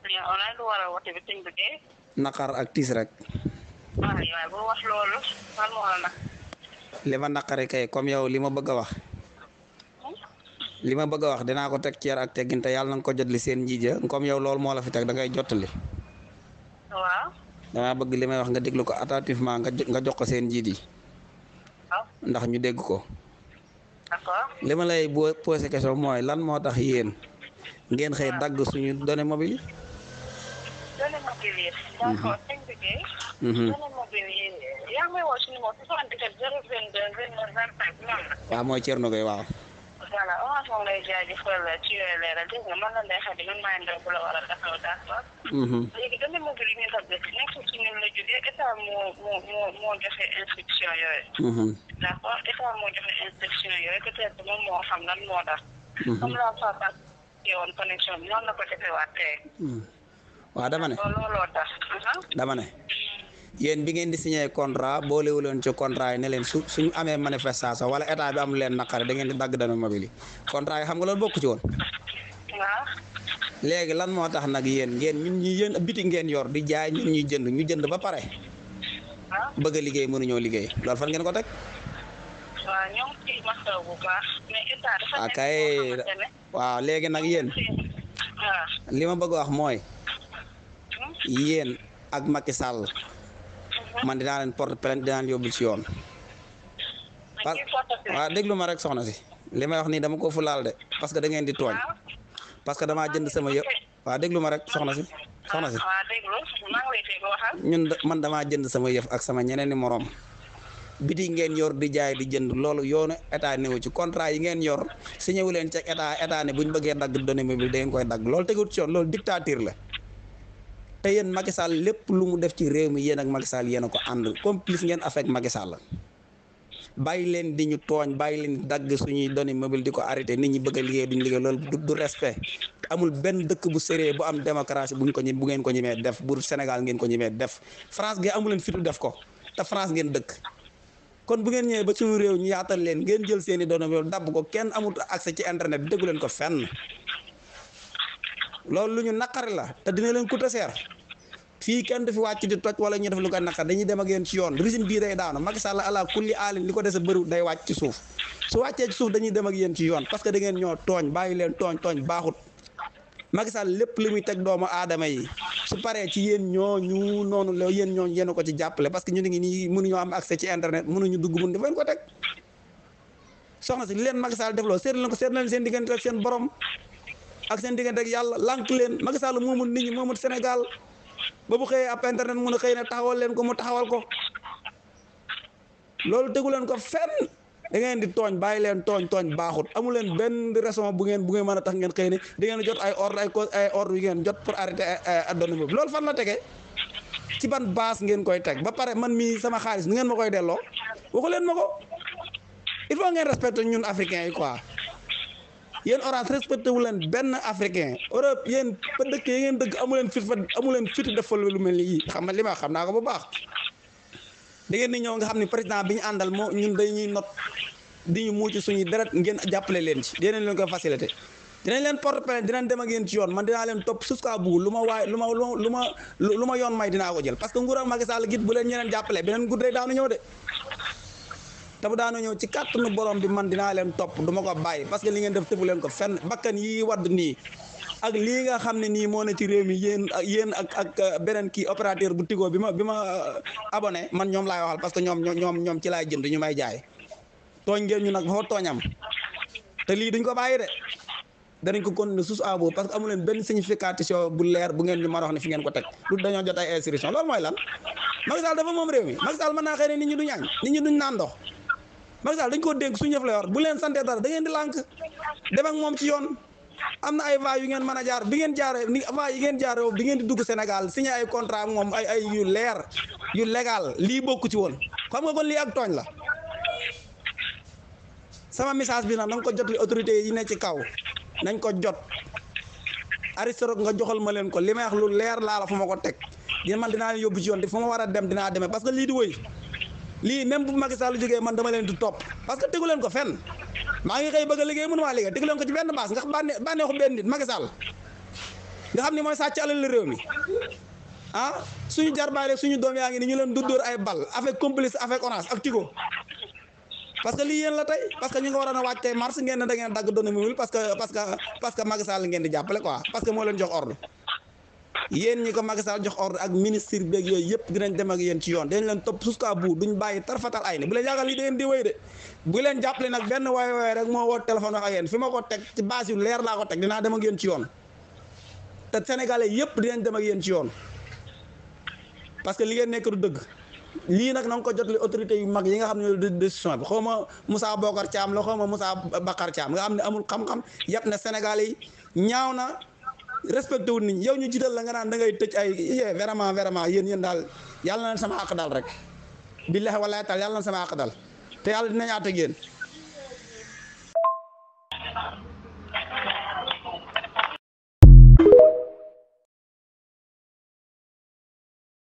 lan naqar ak tiis rek. Ah, waaw waaye li ma naqari kay comme yow li ma bëgg a wax. li ma bëgg a wax dinaa ko teg ci yar ak teggin te yàlla na nga ko jot seen njiit ya comme yow loolu moo la fi teg da ngay jottali. bëgg li may wax nga déglu ko attentivement nga jox ko seen njiit yi. Ah. ndax ñu dégg ko. d'accord li ma lay posé question mooy lan moo tax yéen. ngeen xëy dagg suñu données mobile Gilies. d'accord sëñ bi de. beneen mobile yi yaa ngi may woo si numéro 77 022 29 25 noonu la. waaw mooy Thierno Gueye waaw. voilà orange oh, moom lay jaajëfal ci yooyu leeral dégg nga man la Ndeye Khady man maa ngi ndaw bu la war a defal d'accord. Mm-hmm. léegi beneen mobile yi ñu ngi ko def nekk ci ñun la jógee état moo moo moo moo joxe instruction yooyu. Mm-hmm. d'accord état moo joxe instruction yooyu peut-être moom moo xam lan moo tax. Mm-hmm. comme la Fapal teewoon connexion bi noonu la ko defee waat tey. wa oh, dama ne dama ne yeen bi ngeen di signer contrat wulon ci contrat ne len suñu amé manifestation wala état bi am len naqare da ngeen di dag dana mobile contrat yi xam nga loolu bokku ci won légui lan moo tax nag yéen ngeen ñun ñi yeen biti ngeen yor di jaay ñun ñi jënd ñu jënd ba paré bëgg liggéey mënu ñoo liggéey lool fan ngeen ko tek wa ñoo ci ciy masaw bu baax mais état dafa ah, nekk waaw léegi nag yéen li ma bëgg wax moy yéen ak Macky Sall man dinaa leen porte plainte dinaa leen yóbbul ci yoon. waaw déglu ma rek soxna si li may wax nii dama ko parce que da ngeen di tooñ ah. parce que damaa jënd sama yëf waaw déglu ma rek soxna si soxna si ah, ñun man damaa jënd sama yëf ak sama ñeneen i moroom biti ngeen yor di jaay di jënd loolu yoonu état néew ci contrat yi ngeen yor signé wu leen ci état état ne bu ñu bëggee dagg données mobile da ngeen koy dagg loolu tegut ci yoon loolu dictature la. te yeen Macky Sall lepp lu mu def ci rew mi yeen ak Macky Sall yeen ko and complice ngeen affect Macky Sall bay leen di ñu togn bay leen dag suñuy donné mobile diko arrêté nit ñi bëgg liggéey duñ liggéey lool du respect amul ben dëkk bu séré bu am démocratie buñ ko ñi bu ngeen ko ñëmé def bu Sénégal ngeen ko ñëmé def France gi amul leen fitu def ko ta France ngeen dëkk kon bu ngeen ñëwé ba suñu réew ñu yaatal leen ngeen jël seeni ko kenn amul accès ci internet déggu leen ko fenn loolu luñu ñu la te dina leen kuta seer fii kenn du fi wàcc di toj wala ñu def lu ko nakar dañuy dem ak yéen ci yoon régime bii day daanu Macky Sall ala kulli aalin li ko dese bëru day wàcc ci suuf su wàccee ci suuf dañuy dem ak yéen ci yoon parce que da ngeen ñoo tooñ bàyyi leen tooñ tooñ baaxut Macky Sall lépp li muy teg doomu aadama yi su paree ci yéen ñu noonu la yéen ñoo yéen ko ci jàppale parce que ñu ngi nii mënuñoo am accès ci internet mënuñu dugg mun dafa ko teg soxna si li leen Macky Sall defloo seet leen ko seet leen seen diggante ak seen borom ak sen diggante ak yalla lank leen Macky Sall momul nit ñi momul Sénégal ba bu xey ab internet mun a na taxawal leen ko mu taxawal ko loolu tegu leen ko fenn da ngeen di togn bay leen togn togn baxut amul leen ben raison bu ngeen bu ngeen mën tax ngeen xëy ne da ngeen jot ay ordre ay ay ordre ngeen jot pour arrêter adonne boobu loolu fan la tege ci ban base ngeen koy teg ba pare man mi sama xaalis ngeen makoy delo waxu leen mako il faut ngeen respecter ñun africain yi quoi yéen orange respecté wu leen benn africain Europe yéen ba dëkk yi ngeen dëkk amu leen fit fa amu leen fit defal lu mel ni yii xam nga li ma xam naa ko bu baax da ngeen di ñëw nga xam ne président bi ñu àndal moo ñun dañuy not di ñu muuc suñuy deret ngeen jàppale leen ci dinañ leen ko facilité dinañ leen porte plainte dinañ dem ak yéen ci yoon man dinaa leen topp jusqu'à bout lu ma ma lu ma lu ma yoon may dinaa parce que nguuram Macky Sall git bu leen ñeneen jàppale beneen gudd day daanu ñëw de ta bu daanu ñew ci kàttanu borom bi man dina leen top duma ko bay parce que li ngeen def tëbu leen ko fenn bakkan yi wad ni ak li nga xamne ni mo na ci réew mi yeen yeen ak ak euh, benen ki operateur bu tigo bima bima euh, abonné man ñom lay waxal parce que ñom ñom ñom ci lay jënd ñu may jaay tooñ ngeen ñu nak fa toñam te li duñ ko bàyyi de dañ ko continuer sous abo parce que amu leen benn signification bu leer bu ngeen ñu mën a wax ne fi ngeen ko tek lu dañu jot ay instruction lool moy lan Macky Sall dafa mom rew mi Macky Sall mën naa xëy nit ñi duñ añ nit ñi duñ naan ndox Macky Sall dañ ko dénk suñu def lay war bu leen santé dara da ngeen di lank dem ak mom ci yoon amna ay vaay yu ngeen mëna jaar bi ngeen jaare ni vaay yi ngeen jaare bi ngeen di dugg Sénégal signé ay contrat mom ay ay yu leer yu légal li bokku ci won xam nga kon li ak togn la sama message bi na nang ko jot li autorité yi ne ci kaw nañ ko jot aristoroc nga joxal ma len ko limay wax lu leer la la fuma ko tek dina man dina yóbbu ci yoon di fuma wara dem dinaa demee parce que li di woy li même bu Macky Sall jógee man dama len du top parce que tegu ko fenn ma ngi xey bëgg a liggéey mënu maa liggéey tegu ko ci benn baas nga bané bànneexu benn nit Macky Sall nga xamni moy sacc sàcc alal réew mi ah suñu jarbaale suñu doom yaangi ni ñu len du door ay bal avec complice avec orange ak tigo parce que li yeen la tay parce que ñu nga waroon a wàcc tey mars ngeen da ngeen dag doon mi wul parce que parce que parce que Macky Sall ngeen di jappalé quoi parce que mo len jox ordre yéen ñi ko Macky Sall jox ordre ak ministre beeg yooyu yëpp dinañ dem ak yéen ci yoon dañ leen topp jusqu'à bout duñ bàyyi tarfatal ay ni bu leen yaakaar li dangeen de bu leen jàppale nag benn waay waay rek moo woo téléphone wax ak fi ma ko teg ci base yu teg dinaa dem ak yéen ci yoon te sénégalais yëpp dinañ dem ak yéen ci yoon parce que li ngeen nekk du dëgg lii nag na nga ko jotali autorité yu mag yi nga xam ne décision bi xaw ma Moussa Bokar Thiam la xaw ma Moussa Bakar Thiam nga xam ne amul xam-xam yëpp ne sénégalais yi ñaaw na respecté wu nit yow ñu jiital la nga naan da ngay tëj ay eh, vraiment vraiment yéen yéen daal yàlla na sama àq daal rek billahi wallahi taal yàlla na sama àq daal te yàlla dinañ àtt ak yéen